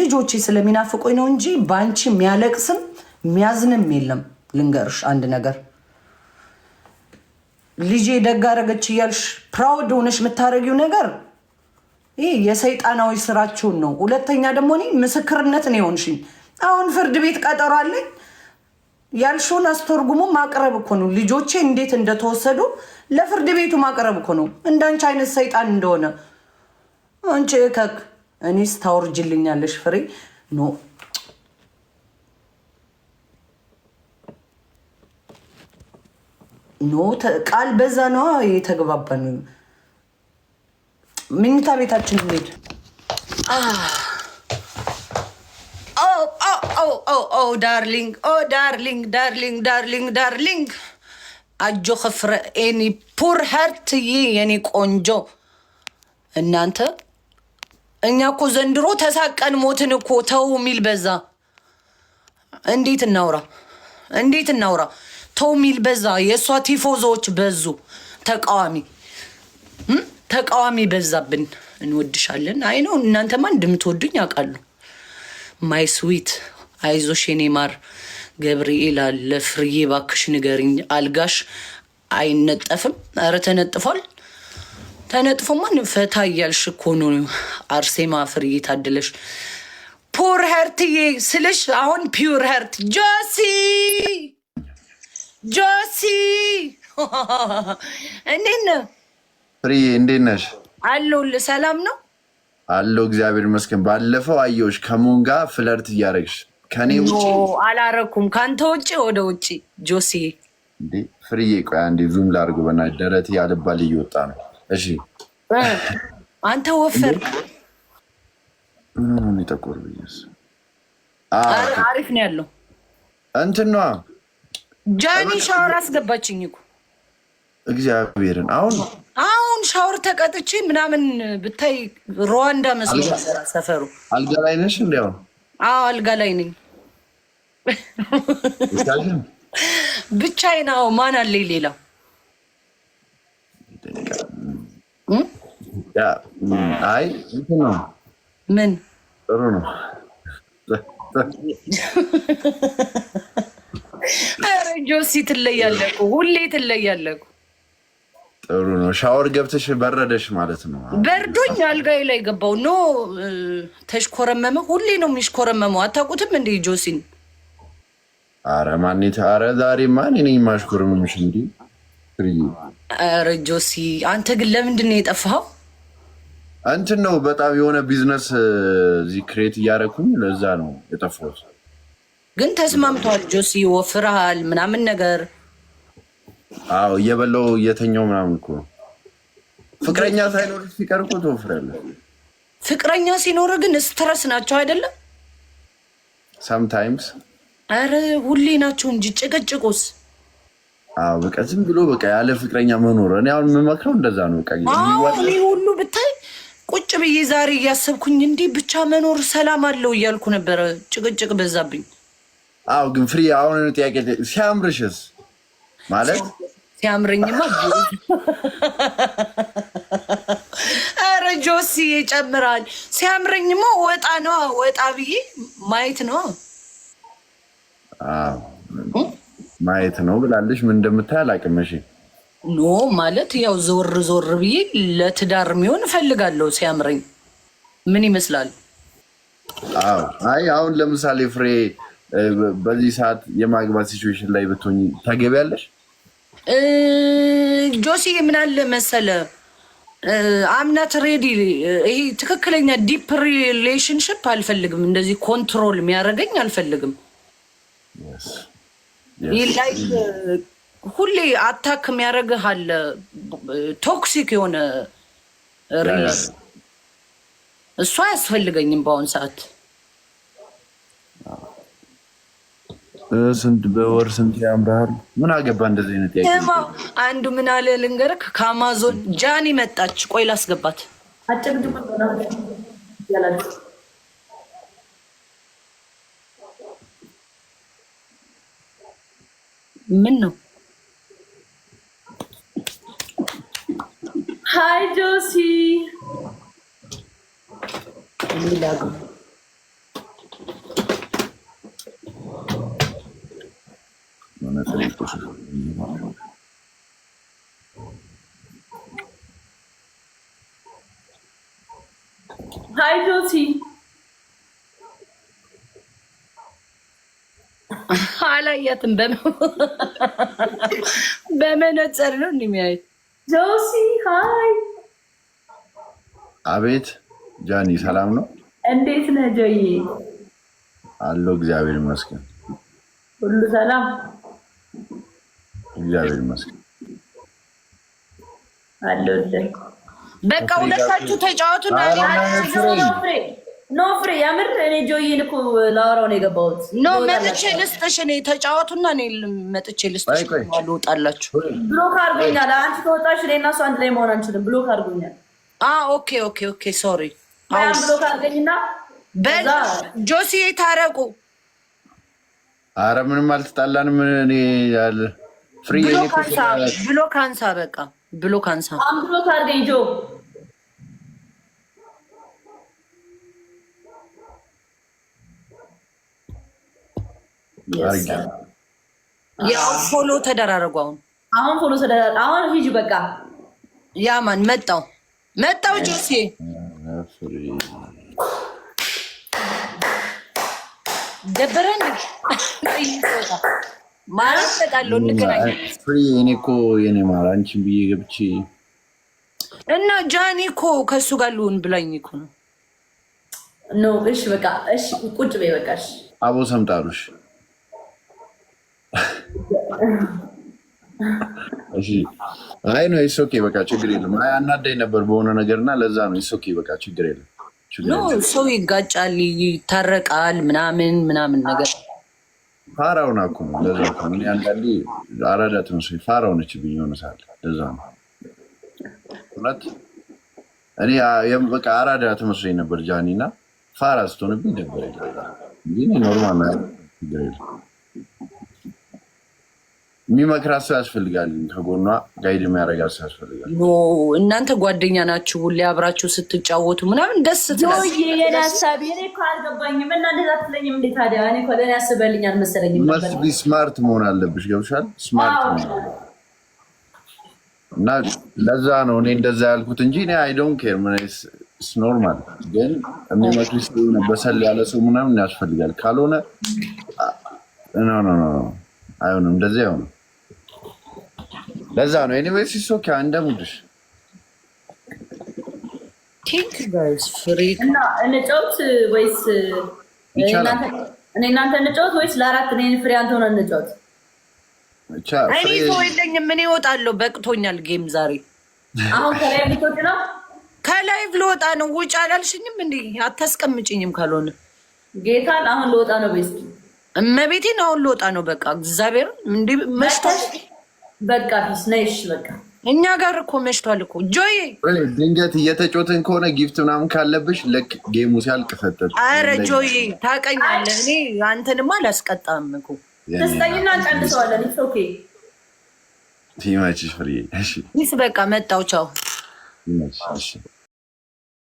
ልጆቼ ስለሚናፍቆኝ ነው እንጂ በአንቺ የሚያለቅስም የሚያዝንም የለም። ልንገርሽ አንድ ነገር ልጄ ደግ አደረገች እያልሽ ፕራውድ ሆነሽ የምታደረጊው ነገር ይህ የሰይጣናዊ ስራችሁን ነው። ሁለተኛ ደግሞ እኔ ምስክርነት ነው የሆንሽኝ። አሁን ፍርድ ቤት ቀጠሮ አለኝ ያልሽውን አስተርጉሙ ማቅረብ እኮ ነው። ልጆቼ እንዴት እንደተወሰዱ ለፍርድ ቤቱ ማቅረብ እኮ ነው። እንዳንቺ አይነት ሰይጣን እንደሆነ አንቺ እከክ እኔስ ታወርጅልኛለሽ ፍሬ ኖ ኖ ቃል በዛ ነዋ የተግባባን። ምኝታ ቤታችን ሄድ ዳርሊንግ ዳርሊንግ ዳርሊንግ ዳርሊንግ ዳርሊንግ አጆ ክፍረ ኤኒ ፑር ሀርት ይ የኔ ቆንጆ እናንተ እኛ እኮ ዘንድሮ ተሳቀን ሞትን እኮ ተው ሚል በዛ። እንዴት እናውራ? እንዴት እናውራ? ተው ሚል በዛ። የእሷ ቲፎዞዎች በዙ። ተቃዋሚ ተቃዋሚ በዛብን። እንወድሻለን። አይ ነው እናንተማ እንደምትወዱኝ ያውቃሉ። ማይ ስዊት አይዞሽ የኔ ማር ገብርኤል አለ ፍርዬ፣ እባክሽ ንገሪኝ። አልጋሽ አይነጠፍም? ኧረ ተነጥፏል። ተነጥፎማ ፈታ እያልሽ እኮ ነው። አርሴማ ፍሬ እየታደለሽ ፑር ሄርትዬ ስልሽ አሁን ፒውር ሄርት ጆሲ ጆሲ እንዴት ነህ? ፍሬ እንዴት ነሽ? አለሁልህ። ሰላም ነው አለው። እግዚአብሔር ይመስገን። ባለፈው አየሁሽ ከሞን ጋር ፍለርት እያደረግሽ ከኔ ውጭ አላረኩም። ከአንተ ውጭ ወደ ውጭ ጆሲ። ፍሬዬ ቆይ አንዴ ዙም ላድርግ በእናትሽ። ደረቴ አልባል እየወጣ ነው እሺ አንተ ወፈር ምን ይጠቆር ብዬሽ አሪፍ ነው ያለው። እንትና ጃኒ ሻወር አስገባችኝ እኮ እግዚአብሔርን። አሁን አሁን ሻወር ተቀጥቼ ምናምን ብታይ ሩዋንዳ መስሎ ሰፈሩ። አልጋ ላይ ነሽ? እንዲያው አዎ፣ አልጋ ላይ ነኝ ብቻዬን። አዎ፣ ማን አለኝ ሌላው አይ ምን ጥሩ ነው። ኧረ ጆሲ ትለያለህ ሁሌ ትለያለህ እኮ። ጥሩ ነው። ሻወር ገብተሽ በረደሽ ማለት ነው። በርዶኝ አልጋዬ ላይ ገባው ኖ ተሽኮረመመ። ሁሌ ነው የሚሽኮረመመው። አታውቁትም እንዴ ጆሲን? አረ ማኔት አረ ዛሬ ማን ነኝ ማሽኮረመምሽ እንዲ ኧረ ጆሲ አንተ ግን ለምንድን ነው የጠፋኸው? እንትን ነው በጣም የሆነ ቢዝነስ እዚህ ክሬት እያደረኩኝ ለዛ ነው የጠፋሁት። ግን ተስማምቷል። ጆሲ ወፍረሃል ምናምን ነገር አዎ፣ እየበላው እየተኛው ምናምን እኮ ነው። ፍቅረኛ ሳይኖር ሲቀር እኮ ትወፍራለህ። ፍቅረኛ ሲኖር ግን ስትረስ ናቸው አይደለም? ሳምታይምስ። ኧረ ሁሌ ናቸው እንጂ ጭቅጭቁስ በቃ ዝም ብሎ በቃ ያለ ፍቅረኛ መኖር። እኔ አሁን የምመክረው እንደዛ ነው። በቃ እኔ ሁሉ ብታይ ቁጭ ብዬ ዛሬ እያሰብኩኝ እንዲህ ብቻ መኖር ሰላም አለው እያልኩ ነበረ። ጭቅጭቅ በዛብኝ። አዎ ግን ፍሪ አሁን ነው ጥያቄ ሲያምርሽስ? ማለት ሲያምርኝማ ኧረ ጆሲ ይጨምራል። ሲያምረኝማ ወጣ ነው ወጣ ብዬ ማየት ነው ማየት ነው ብላለች። ምን እንደምታይ አላውቅም። እሺ ኖ ማለት ያው ዞር ዞር ብዬ ለትዳር የሚሆን እፈልጋለሁ ሲያምረኝ። ምን ይመስላል? አዎ። አይ አሁን ለምሳሌ ፍሬ በዚህ ሰዓት የማግባት ሲቹዌሽን ላይ ብትሆኝ ታገቢያለሽ? ጆሲ ምን አለ መሰለ አምናት ሬዲ ይሄ ትክክለኛ ዲፕ ሪሌሽንሽፕ አልፈልግም። እንደዚህ ኮንትሮል የሚያደርገኝ አልፈልግም። ላይ mm. ሁሌ አታክ የሚያደርግህ አለ። ቶክሲክ የሆነ እሱ አያስፈልገኝም በአሁን ሰዓት። ስንት በወር ስንት ያምርሃል? ምን አገባ እንደዚህ አይነት ያቄ አንዱ ምን አለ ልንገርህ፣ ከአማዞን ጃኒ መጣች። ቆይ ላስገባት። ምን ነው? ሀይ ጆሲ ሀይ ጆሲ አላያትም። በመነጽር ነው እንደሚያየት። ጆሲ ሀይ፣ አቤት። ጃኒ ሰላም ነው? እንዴት ነህ ጆዬ? አለሁ እግዚአብሔር ይመስገን። ሁሉ ሰላም? እግዚአብሔር ይመስገን አለሁልህ። በቃ ሁለታችሁ ተጫወቱ። ኖ ፍሬ የምር እኔ ጆይን እኮ ላወራው ነው የገባሁት። ኖ መጥቼ ልስጥሽ፣ እኔ ተጫወቱና እኔ መጥቼ ልስጥሽ። ልውጣላችሁ። ብሎክ አድርጎኛል። አንቺ ከወጣሽ እኔ እና እሱ አንድ ላይ መሆን አንችልም። ብሎክ አድርጎኛል። ኦኬ ኦኬ ኦኬ፣ ሶሪ። ብሎክ አድርገኝና ጆሲ ታረቁ። አረ ምንም አልተጣላንም። እኔ ያለ ፍሪ ብሎክ አንሳ፣ በቃ ብሎክ አንሳ። ብሎክ አድርገኝ ጆ ያው ፎሎ ተደራረጉ። አሁን አሁን ፎሎ አሁን ሂጂ በቃ ያማን መጣው መጣው ጆሴ ደበረን ማለት እኔ እኮ የኔ አንቺን ብዬ ገብቼ እና ጃኒ እኮ ከእሱ ጋር ልሆን ብላኝ እኮ ነው። እሺ በቃ እሺ፣ ቁጭ በይ በቃ። አቦ ሰምጣሉሽ አይ ነው ሶኬ በቃ ችግር የለም። አይ አናዳኝ ነበር በሆነ ነገር እና ለዛ ነው ሶኬ በቃ ችግር የለም። ሰው ይጋጫል፣ ይታረቃል፣ ምናምን ምናምን ነገር ፋራው ናኩ ነው። ለዛ ነው አንዳንዴ አራዳ ትመስለኝ ፋራው ነች ብዬ ሆነ ሳለ ለዛ ነው እውነት እኔ በቃ አራዳ ትመስለኝ ነበር ጃኒ እና ፋራ ስትሆንብኝ ነበር ግን ኖርማል ችግር የለም። የሚመክራት ሰው ያስፈልጋል። ከጎኗ ጋይድ የሚያደርጋት ሰው ያስፈልጋል። እናንተ ጓደኛ ናችሁ፣ ሁሌ አብራችሁ ስትጫወቱ ምናምን ደስ ትላል። ሀሳቢ አልገባኝም። እናንተ ዛትለኝም ታዲያ? እኔ እኮ ቢ ስማርት መሆን አለብሽ። ገብሻል? ስማርት እና ለዛ ነው እኔ እንደዛ ያልኩት እንጂ እኔ አይ ዶንት ኬር ምን ኖርማል። ግን የሚመክሪ ሰው በሰል ያለ ሰው ምናምን ያስፈልጋል። ካልሆነ ኖ ኖ ኖ አይሆንም፣ እንደዚህ አይሆንም። ለዛ ነው ኤኒዌይስ ሶኪ እንደ ሙድሽ ቴንክ ጋይስ ፍሪ እንጫወት ወይስ እኔ እናንተ እንጫወት ወይስ ለአራት እኔ ፍሪ አንተ ሆነ እንጫወት? እኔ ሰው የለኝም። ምን በቅቶኛል። ጌም ዛሬ አሁን ከላይ ልትወጪ ነው? ከላይቭ ልወጣ ነው። ውጭ አላልሽኝም እንዴ? አታስቀምጭኝም ካልሆነ ጌታን። አሁን ልወጣ ነው እመቤቴን። አሁን ልወጣ ነው በቃ እግዚአብሔር መሽቷል። በቃ ፊስ ነሽ በቃ እኛ ጋር እኮ መሽቷል እኮ ጆይ ድንገት እየተጮትን ከሆነ ጊፍት ምናምን ካለብሽ ልክ ጌሙ ሲያልቅ ፈጠጥ። አረ ጆይ ታውቀኛለህ፣ እኔ አንተንማ አላስቀጣም እኮ ተስጠኝና እንቀንሰዋለን። ኦኬ ሲመችሽ ፍሬ፣ ይስ በቃ መጣው። ቻው